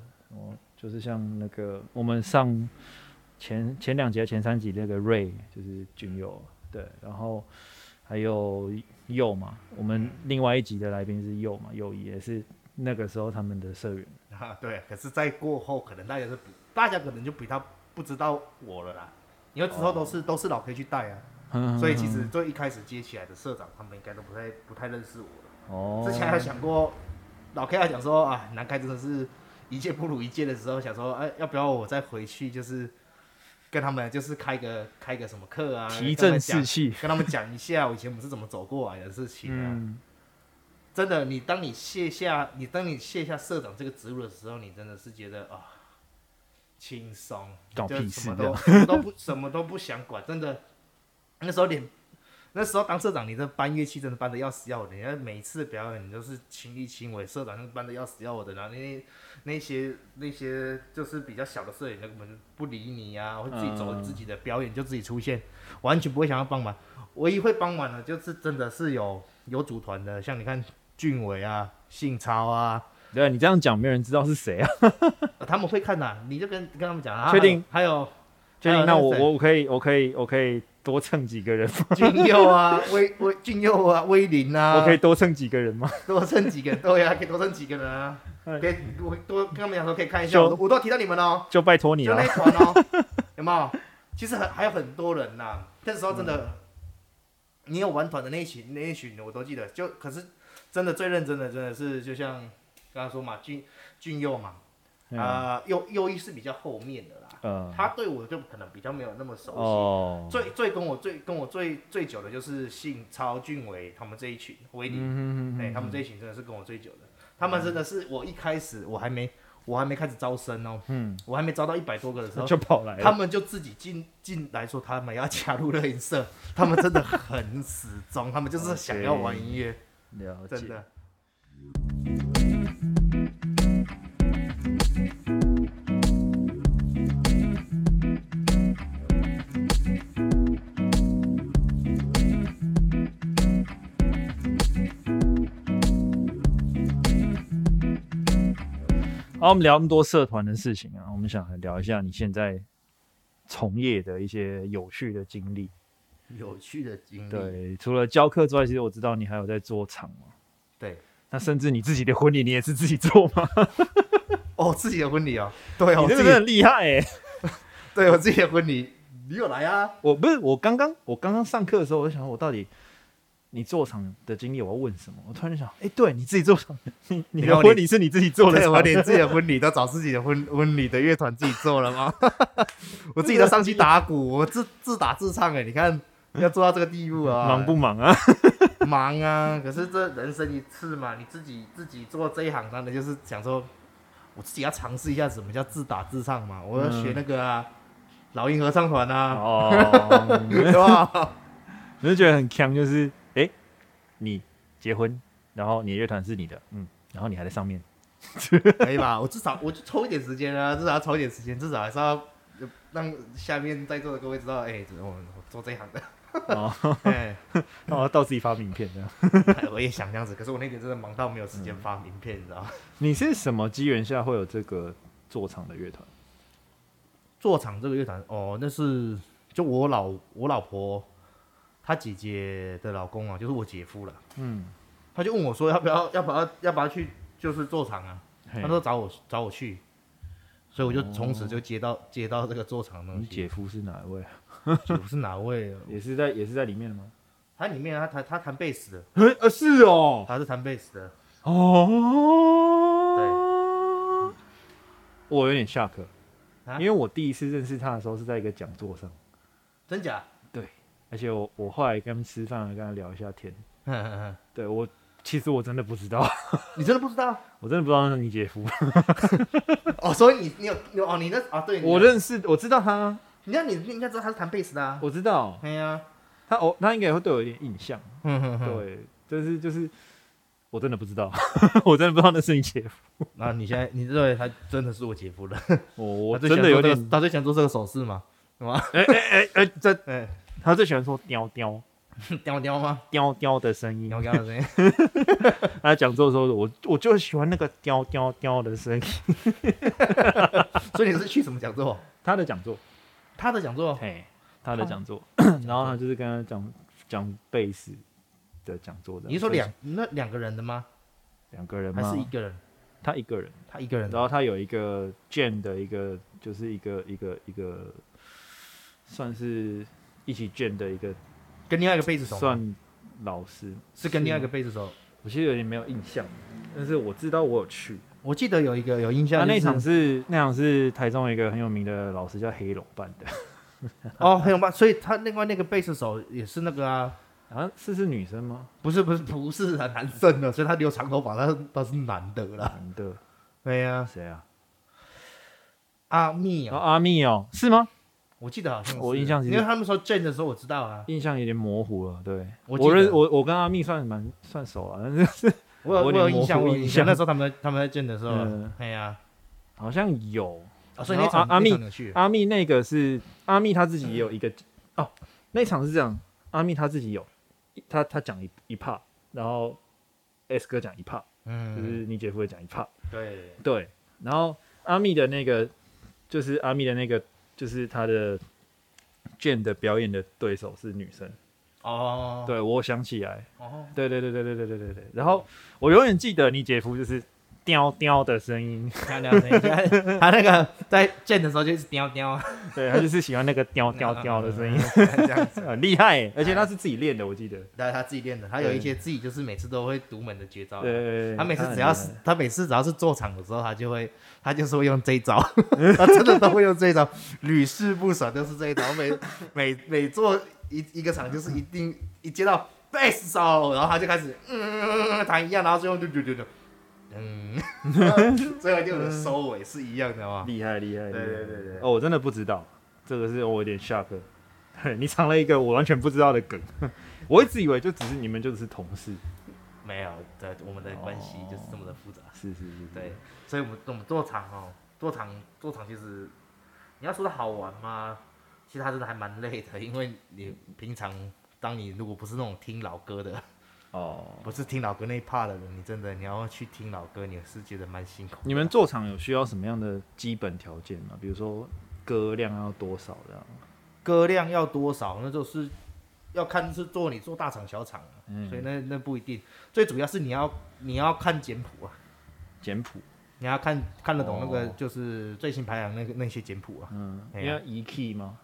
就是像那個我們上。嗯前前兩集、前三集，那個 Ray 就是軍佑，對，然後還有佑嘛，我們另外一集的來賓是佑嘛，佑也是那個時候他們的社員啊，對。可是再過後，可能大家是大家可能就比較不知道我了啦，因為之後都是、哦、都是老 K 去帶啊，嗯嗯嗯，所以其實最一開始接起來的社長他們應該都不太不太認識我了。哦。之前還想過，老 K 還講說啊，南開真的是一屆不如一屆的時候，想說哎、啊、要不要我再回去就是。跟他們就是開個開個什麼課啊，提振士氣，跟他們講一下我以前我是怎麼走過來的事情啊。啊、嗯，真的，你當你卸下你當你卸下社長這個職務的時候，你真的是覺得啊，哦、輕鬆，就什麼都搞屁，什麼都不什麼都不想管，真的。那時候你。那時候當社長，你這搬樂器真的搬的要死要活的。你每次表演，你都是親力親為，社長就搬的要死要活的。然後那些那些那些就是比較小的社員，他們不理你啊，會自己走自己的表演，嗯，就自己出現，完全不會想要幫忙。唯一會幫忙的，就是真的是有有組團的，像你看俊偉啊、信超啊。對你這樣講，沒有人知道是誰啊？ <laughs> 他們會看的、啊，你就跟你跟他們講啊。確定、啊、定？還有？確定？那我我可以，我可以，我可以。多蹭幾個人嗎？俊佑啊，威威，俊佑啊，威林啊。我可以多蹭幾個人嗎？多蹭幾個人，對呀、啊，可以多蹭幾個人啊。 <laughs> 可以，我多跟他們講說，剛剛可以看一下。我我都要提到你們哦。就拜託你了。就那團哦、 <laughs> 有沒有？其實很還有很多人吶、啊。那時候真的，嗯、你有玩團的那一群那一群，的我都記得。就可是真的最認真的，真的是就像剛剛說嘛，俊俊佑嘛，啊佑佑一是比較後面的。嗯、他對我就可能比較沒有那麼熟悉。哦、最最跟我最跟我最最久的就是姓曹俊偉他們這一群，威、嗯、尼、欸、他們這一群真的是跟我最久的。他們真的是、嗯、我一開始我還沒我還沒開始招生哦、嗯。我還沒招到一百多個的時候，就跑來了。他們就自己進進來說，他們要加入熱音社。他們真的很死忠， <laughs> 他們就是想要玩音樂， <laughs> 真的。好、啊，我們聊那麼多社團的事情啊，我們想來聊一下你現在從業的一些有趣的經歷。有趣的經歷。對，除了教課之外，其實我知道你還有在做場嘛。對。那甚至你自己的婚禮，你也是自己做嗎？ <laughs> 哦，自己的婚禮啊，對啊，你真的很厲害、欸？哎 <laughs> 對我自己的婚禮，你有來啊？我不是，我剛剛我剛剛上課的時候，我就想，我到底。你做場的經歷，我要問什麼？我突然想，哎、欸，對你自己做場，你的婚禮是你自己做的，我連自己的婚禮都找自己的婚婚禮的樂團自己做了嗎？ <laughs> 我自己都上去打鼓，我自自打自唱、欸，誒，你看要做到這個地步啊、欸，忙不忙啊？ <laughs> 忙啊！可是這人生一次嘛，你自己自己做這一行，當然就是想說，我自己要嘗試一下什麼叫自打自唱嘛，我要學那個、啊嗯、老鷹合唱團啊，哦、 <laughs> <laughs> 對吧？ <laughs> 我就覺得很強，就是。你結婚，然後你的樂團是你的，嗯，然後你還在上面， <laughs> 可以吧？我至少我就抽一點時間啊，至少要抽一點時間，至少還是要讓下面在座的各位知道，哎、欸，我我做這一行的， <laughs> 哦，哎、欸，那、哦、我要到自己發名片，這樣， <laughs> 我也想這樣子，可是我那天真的忙到沒有時間發名片，嗯、你知道嗎？你是什麼機緣下會有這個坐場的樂團？坐場這個樂團，哦，那是就我老我老婆，他姐姐的老公啊，就是我姐夫了。嗯，他就問我說要不要、要不要、要不要去，就是坐場啊。他說找我、找我去，所以我就從此就接到、哦、接到這個坐場東西。你姐夫是哪位？ <laughs> 姐夫是哪位、啊？也是在也是在裡面嗎？他裡面、啊，他彈他彈貝斯的。呃、欸，是哦，他是彈貝斯的。哦，對，我有點 shock、啊，因為我第一次認識他的時候是在一個講座上。真假？而且我我後來跟他們吃飯，跟他聊一下天，呵呵呵對我其實我真的不知道，你真的不知道，我真的不知道那是你姐夫，哦，所 <laughs> 以你你有有哦，你的啊對，我認識，我知道他，你看你應該知道他是彈貝斯的，我知道，他哦他應該也會對我有點印象，對，就是就是我真的不知道，我真的不知道那是你姐夫， <laughs> <laughs> 哦、你你你你那你現在你認為他真的是我姐夫了？我我真的有點，他最想做這個手勢 <laughs> <laughs> 嗎？什、欸、麼？哎哎哎真哎。欸他最喜歡說“叼叼”，叼叼嗎？叼叼的聲音，叼叼的聲音。 <laughs> 他講座的時候，我我就喜歡那個叼叼叼的聲音。 <laughs> <laughs> 所以你是去什麼講座？他的講座，他的講座，嘿，他的講座。然後他就是跟他講講貝斯的講座的。你說兩那兩個人的嗎？兩個人嗎？還是一個人？他一個人，他一個人。然後他有一個鍵的一個，就是一個一個一個，一個，算是。一起捲的一個，跟另外一個貝斯手算老師，是跟另外一個貝斯手，我其實有點沒有印象，但是我知道我有去，我記得有一個有印象，就是，啊、那場是那場是台中一個很有名的老師叫黑龍辦的，哦黑龍辦，所以他另外那個貝斯手也是那個啊啊，是是女生嗎？不是不是不是啊 <laughs> 男生啊，所以他留長頭髮，他他是男的啦，男的，對啊誰啊？阿、啊、密，哦阿密哦是嗎？我記得好像是 <laughs> 我印象是，因為他們說見的時候，我知道啊，印象有點模糊了。對，我，我認我我跟阿密算蠻算熟了，啊，但是我，我有我印象，糊印，印象。那時候他們他們在見的時候，哎、嗯、呀、啊，好像有。哦、所以那場、啊、那場阿蜜那場阿密阿密那個是阿密他自己也有一個、嗯、哦，那場是這樣，阿密他自己有他他講一一 part，然後 S 哥講一 part，嗯，就是你姐夫也講一 part，對對，然後阿密的那個就是阿密的那個。就是就是他的卷的表演的對手是女生哦，oh. 對，我想起來，對、oh. 對對對對對對對對。然後我永遠記得你姐夫就是。叼叼的聲音，音 <laughs> 他那個在練 <laughs> 的時候就是叼叼，對，他就是喜歡那個叼叼叼的聲音， <laughs> 啊嗯就是、這樣子 <laughs> 很厲害，而且他是自己練的、哎，我記得，那他自己練的，他有一些自己就是每次都會獨門的絕招的，對，對，對，他，他，每他每次只要是他每次只要是做場的時候，他就會他就是會用這一招， <laughs> 他真的都會用這一招，屢 <laughs> 試不爽就是這一招， <laughs> 每每每做一一,一個場就是一定一接到貝斯手，然後他就開始嗯彈一樣，然後最後就就就就。嗯，這 <laughs> 個就是收尾是一樣的嗎？厲害、嗯、厲害厲害，對對對對。哦，我真的不知道，這個是我有點嚇到， <laughs> 你藏了一個我完全不知道的梗。 <laughs> 我一直以為就只是你們就是同事，沒有，對，我們的關係就是這麼的複雜。是是是，對，所以我們我們做場哦、喔，做場做場其實你要說它好玩嗎？其實真的還蠻累的，因為你平常當你如果不是那種聽老歌的。哦、oh.，不是聽老歌那一趴的人，你真的你要去聽老歌，你是覺得蠻辛苦。你們做場有需要什麼樣的基本條件嗎？比如說歌量要多少這樣？歌量要多少？那就是要看是做你做大場小場，嗯，所以那那不一定。最主要是你要你要看簡譜啊，簡譜，你要看看得懂那個就是最新排行那個那些簡譜啊。你、嗯啊、要一 key 嗎？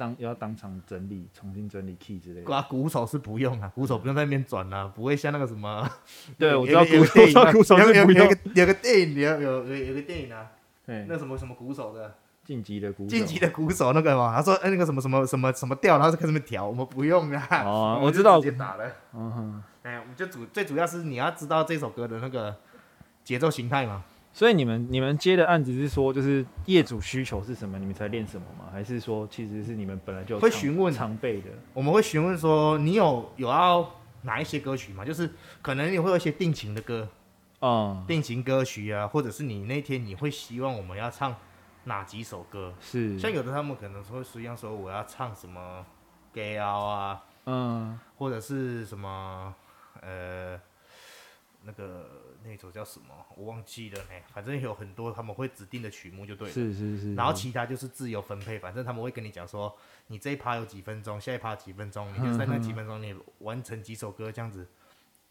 當要當場整理、重新整理 key 之類的，颳、啊、鼓手是不用啊，鼓手不用在那邊轉啊、嗯，不會像那個什麼，對我知道鼓手，我知道鼓手是不用，有有個有個個電影，有有有有個電影啊，對，那什麼什麼鼓手的，晉級的鼓手，晉級的鼓手那個嘛，他說按、欸、那個什麼什麼什麼什麼調，然後就開始調，我們不用啊，啊我，我知道，我直接打了，嗯哼，哎、欸，我們就主最主要是你要知道這首歌的那個節奏形態嘛。所以你們你們接的案子是說就是業主需求是什麼，你們才練什麼嗎？還是說其實是你們本來就會詢問常備的？我們會詢問說你有有要哪一些歌曲嗎？就是可能你會有一些定情的歌，哦、嗯，定情歌曲啊，或者是你那天你會希望我們要唱哪幾首歌？是像有的他們可能會說實際上說我要唱什麼 g a gale 啊，嗯，或者是什麼呃那個。那首叫什麼？我忘記了呢、欸。反正有很多他們會指定的曲目就對了。是是是，是。然後其他就是自由分配，反正他們會跟你講說，你這一趴有幾分鐘，下一趴幾分鐘，你就在那幾分鐘你完成幾首歌這樣子，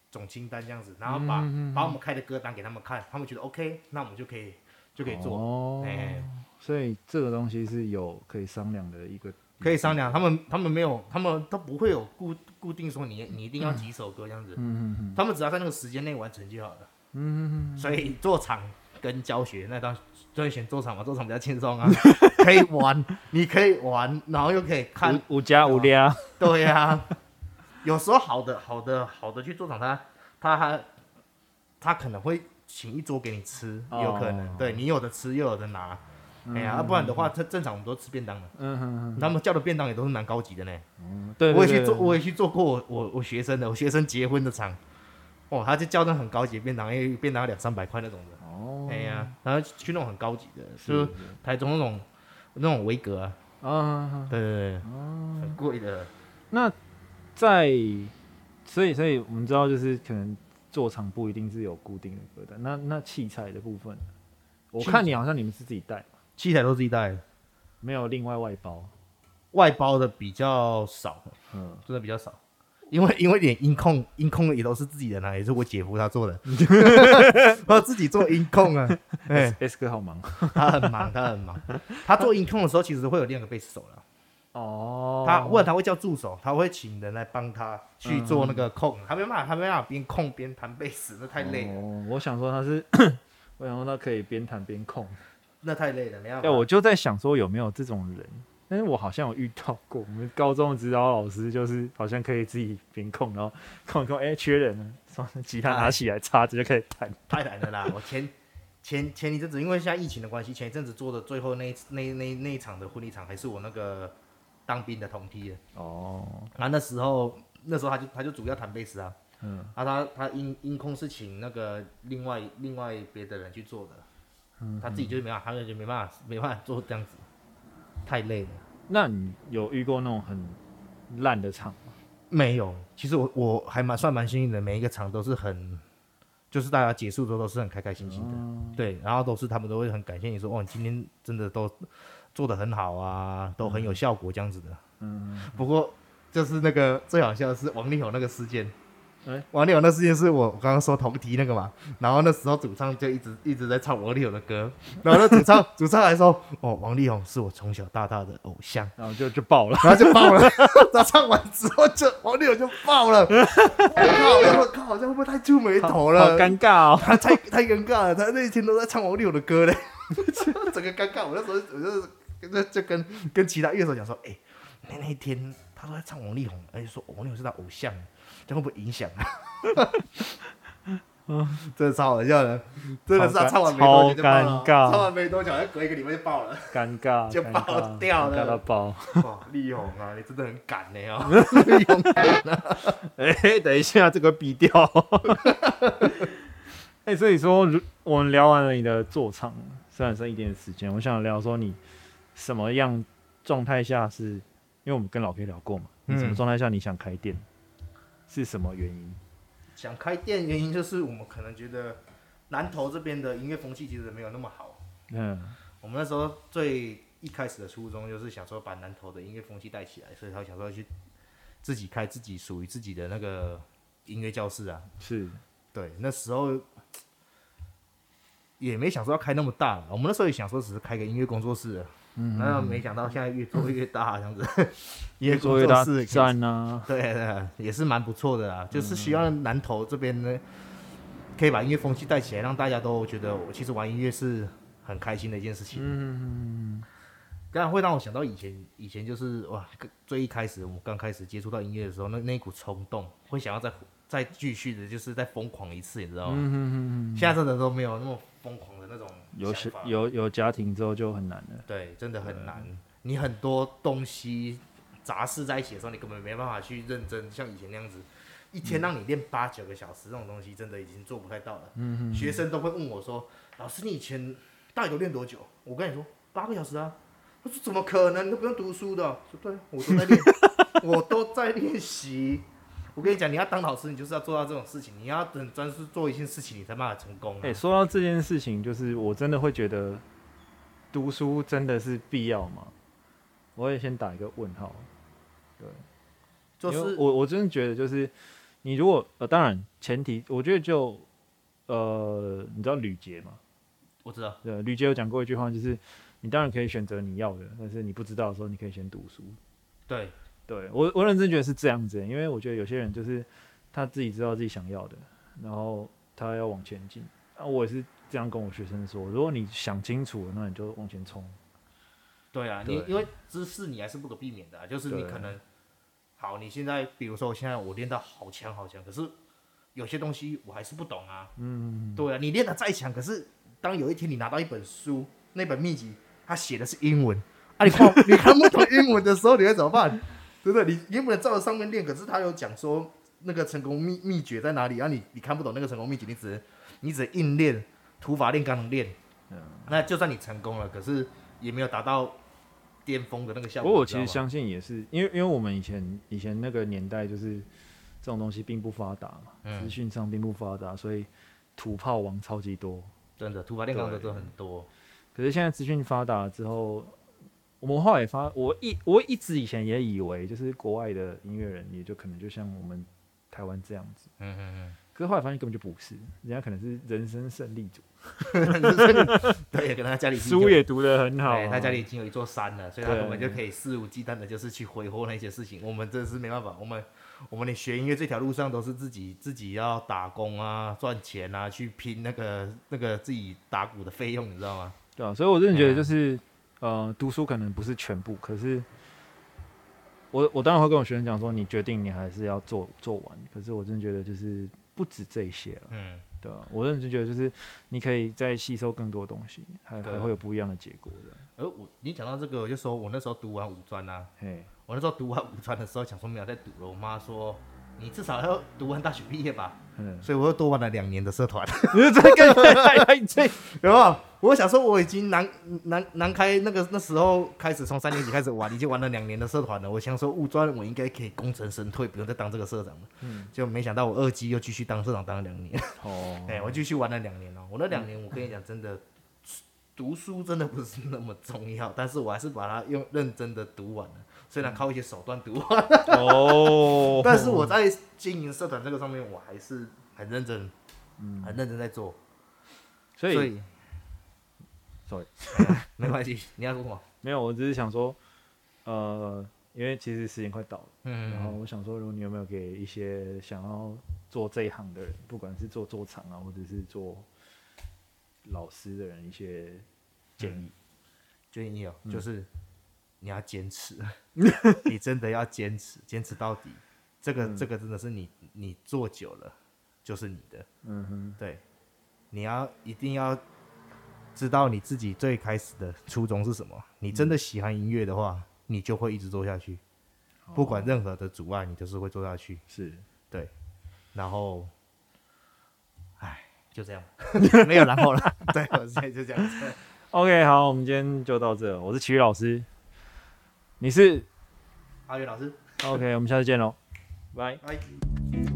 總清單這樣子，然後把、嗯、哼哼把我們開的歌單給他們看，他們覺得 OK，那我們就可以就可以做。哎、哦欸，所以這個東西是有可以商量的一個，可以商量。他們他們沒有，他們都不會有固固定說你你一定要幾首歌這樣子。嗯、哼哼他們只要在那個時間內完成就好了。嗯，所以做場跟教學那張，就會選做場嘛，做場比較輕鬆啊， <laughs> 可以玩，你可以玩，然後又可以看，五加五料。對呀、啊，有時候好的好的好的去做場他他他，他可能會請一桌給你吃，有可能，哦、對你有的吃又有的拿，哎、嗯、呀、啊嗯，不然的話，他、嗯、正常我們都吃便當的，嗯嗯他們叫的便當也都是蠻高級的呢，嗯，對，對，對，對，我也去做，我也去做過我我我學生的，我學生結婚的場。哦，他就叫成很高級便當，一便當兩三百塊那種的。哦，哎呀，然後去那種很高級的，是的的、就是、台中那種那種維格啊。啊、uh -huh.，對對對，uh -huh. 很貴的。那在，所以所以我們知道，就是可能做場不一定是有固定的歌單，那那器材的部分，我看你好像你們是自己帶，器材都自己帶，沒有另外外包，外包的比較少，嗯，真的比較少。因為因為連音控音控也都是自己人呢、啊，也是我姐夫他做的， <laughs> <laughs> 他自己做音控啊。哎 <laughs> S,，S 哥好忙， <laughs> 他很忙，他很忙。他做音控的時候，其實會有兩個貝斯手了。哦、oh，他問，他會叫助手，他會請人來幫他去做那個控、嗯。他沒辦法，他沒辦法邊控邊彈貝斯，邊邊 base, 那太累了。Oh, 我想說他是， <coughs> 我想說他可以邊彈邊控，那太累了，沒辦法。我就在想說有沒有這種人。但是我好像有遇到過，我們高中指導老師就是好像可以自己邊控，然後控控，哎、欸，缺人呢，吉他拿起來插直接可以彈。太難了啦。我前前前一陣子因為現在疫情的關係，前一陣子做的最後那那那那，那場的婚禮場還是我那個當兵的同梯的哦，然、啊、後那時候那時候他就他就主要彈貝斯啊，嗯，啊他，他他音音控是請那個另外另外別的人去做的，嗯，他自己就是沒辦法，他們就沒辦法沒辦法做這樣子。太累了。那你有遇過那種很爛的場嗎？沒有，其實我我還蠻算蠻幸運的，每一個場都是很，就是大家結束的時候都是很開開心心的，哦、對，然後都是他們都會很感謝你說，哦，你今天真的都做得很好啊，都很有效果這樣子的。嗯嗯,嗯嗯。不過就是那個最好笑的是王力宏那個事件。欸、王力宏的事情是我剛剛說同題那個嘛，然後那時候主唱就一直一直在唱王力宏的歌，然後那主唱 <laughs> 主唱還說：“哦、喔，王力宏是我從小到大，大的偶像。”然後就就爆了，然後就爆了。他 <laughs> <laughs> 唱完之後就王力宏就爆了，爆 <laughs> 了。我靠，好像會不會太觸霉頭了？好尷尬哦，他太太尷尬了。他那一天都在唱王力宏的歌嘞， <laughs> 整個尷尬。我那時候我就那就跟就跟，就跟其他樂手講說：“誒、欸，那那一天他都在唱王力宏，誒，說王力宏是他偶像。”這會不會影響啊？ <laughs> 嗯，真的超好笑的，真的是唱完唱完沒多久就，要隔一個禮拜就爆了，尷尬，就爆掉了，尬尬爆。力宏啊， <laughs> 你真的很敢的哦，力 <laughs> 宏、啊。哎、欸，等一下，這個必掉。哎、 <laughs> 欸，所以說，我們聊完了你的坐唱，雖然剩一點時間，我想聊說你什麼樣狀態下是，因為我們跟老 K 聊過嘛，你什麼狀態下你想開店？嗯是什麼原因？想開店原因就是我們可能覺得南投這邊的音樂風氣其實沒有那麼好。嗯，我們那時候最一開始的初衷就是想說把南投的音樂風氣帶起來，所以他想說要去自己開自己屬於自己的那個音樂教室啊。是，對，那時候也沒想說要開那麼大，我們那時候也想說只是開個音樂工作室啊。嗯，那沒想到現在越做越大，這樣子、嗯，越做越大是讚吶。對，對對，也是蠻不錯的啦。嗯、就是希望南投這邊呢，可以把音樂風氣帶起來，讓大家都覺得我其實玩音樂是很開心的一件事情。嗯嗯嗯嗯。這樣會讓我想到以前，以前就是哇，最一開始我們剛開始接觸到音樂的時候，那那股衝動會想要再再繼續的，就是再瘋狂一次，你知道嗎？嗯嗯嗯嗯。現在真的都沒有那麼。瘋狂的那種想法，有有有家庭之後就很難了。對，真的很難，嗯。你很多東西雜事在一起的時候，你根本沒辦法去認真，像以前那樣子，一天讓你練八，嗯、九個小時，這種東西真的已經做不太到了。嗯嗯嗯，學生都會問我說：“老師，你以前到底都練多久？”我跟你說，八個小時啊。他說：“怎麼可能？你都不用讀書的。”說：“對，我都在練， <laughs> 我都在練習。”我跟你講，你要當老師，你就是要做到這種事情。你要等專注做一件事情，你才嘛的成功、啊。哎、欸，說到這件事情，就是我真的會覺得讀書真的是必要嗎？我也先打一個問號。對，就是我，我真的覺得就是你如果呃，當然前提，我覺得就呃，你知道呂捷嗎？我知道。對，呂捷有講過一句話，就是你當然可以選擇你要的，但是你不知道的時候，你可以先讀書。對。對我，我認真覺得是這樣子、欸，因為我覺得有些人就是他自己知道自己想要的，然後他要往前進。啊，我也是這樣跟我學生說，如果你想清楚了，那你就往前衝。對啊對，你因為知識你還是不可避免的，啊，就是你可能好，你現在比如說我現在我練得好強好強，可是有些東西我還是不懂啊。嗯，對啊，你練得再強，可是當有一天你拿到一本書，那本秘籍他寫的是英文， <laughs> 啊你，你你看不懂英文的時候，你會怎麼辦？對不對？你也不能照着上面練，可是他有講說那個成功秘秘訣在哪裡，然、啊、後你你看不懂那個成功秘訣，你只能你只硬練，土法煉鋼練、嗯。那就算你成功了，可是也沒有達到巔峰的那個效果。我，我其實相信也是，因為因為我們以前以前那個年代就是這種東西並不發達嘛，嗯、資訊上並不發達，所以土炮王超級多，真的土法煉鋼的都很多。可是現在資訊發達之後。我們後來發，我一我一直以前也以為，就是國外的音樂人也就可能就像我們台灣這樣子，嗯嗯嗯。可是後來發現根本就不是，人家可能是人生勝利組， <laughs> <laughs> 對，跟他家裡，書也讀得很好，他家裡已經有一座山了，所以他根本就可以肆無忌憚的，就是去揮霍那些事情。我們真的是沒辦法，我們我們連學音樂這條路上都是自己自己要打工啊，賺錢啊，去拼那個那個自己打鼓的費用，你知道嗎？對啊，所以我真的覺得就是。嗯呃，讀書可能不是全部，可是我我當然會跟我學生講說，你決定你還是要做做完。可是我真的覺得就是不止這些了，嗯，對我認真的覺得就是你可以再吸收更多東西，還、哦、還會有不一樣的結果的。而、呃、我你講到這個，我就說我那時候讀完五專吶，嘿，我那時候讀完五專的時候，想說沒有再讀了，我媽說。你至少要讀完大學畢業吧，嗯，所以我又多玩了兩年的社團。你在個太吹，然後我想說我已經南南南開那個那時候開始，從三年級開始玩， <laughs> 已經玩了兩年的社團了。我想說，五專我應該可以功成身退，不用再當這個社長了。嗯，就沒想到我二技又繼續當社長當了兩年。 <laughs> 哦，哎、欸，我繼續玩了兩年了、喔。我那兩年，我跟你講，真的、嗯、讀書真的不是那麼重要，但是我還是把它用認真的讀完了。雖然靠一些手段讀，哦， <laughs> 但是我在經營社團這個上面，我還是很認真、嗯，很認真在做。所以，所以，Sorry, 哎、 <laughs> 沒關係，你要說什麼？沒有，我只是想說，呃，因為其實時間快到了，嗯，嗯，然後我想說，如果你有沒有給一些想要做這一行的人，不管是做做場啊，或者是做老師的人一些建議？建、嗯、議有、嗯，就是。你要堅持， <laughs> 你真的要堅持，堅持到底。這個、嗯，這個真的是你，你做久了就是你的。嗯，對。你要一定要知道你自己最開始的初衷是什麼。你真的喜歡音樂的話、嗯，你就會一直做下去，哦、不管任何的阻礙，你就是會做下去。是，對。然後，哎，就這樣， <laughs> <laughs> 沒有然後了。對，就這樣。 <laughs> OK，好，我們今天就到這。我是騎慾老師。你是 ㄚ 源老師。OK， <laughs> 我們下次見嘍，拜拜。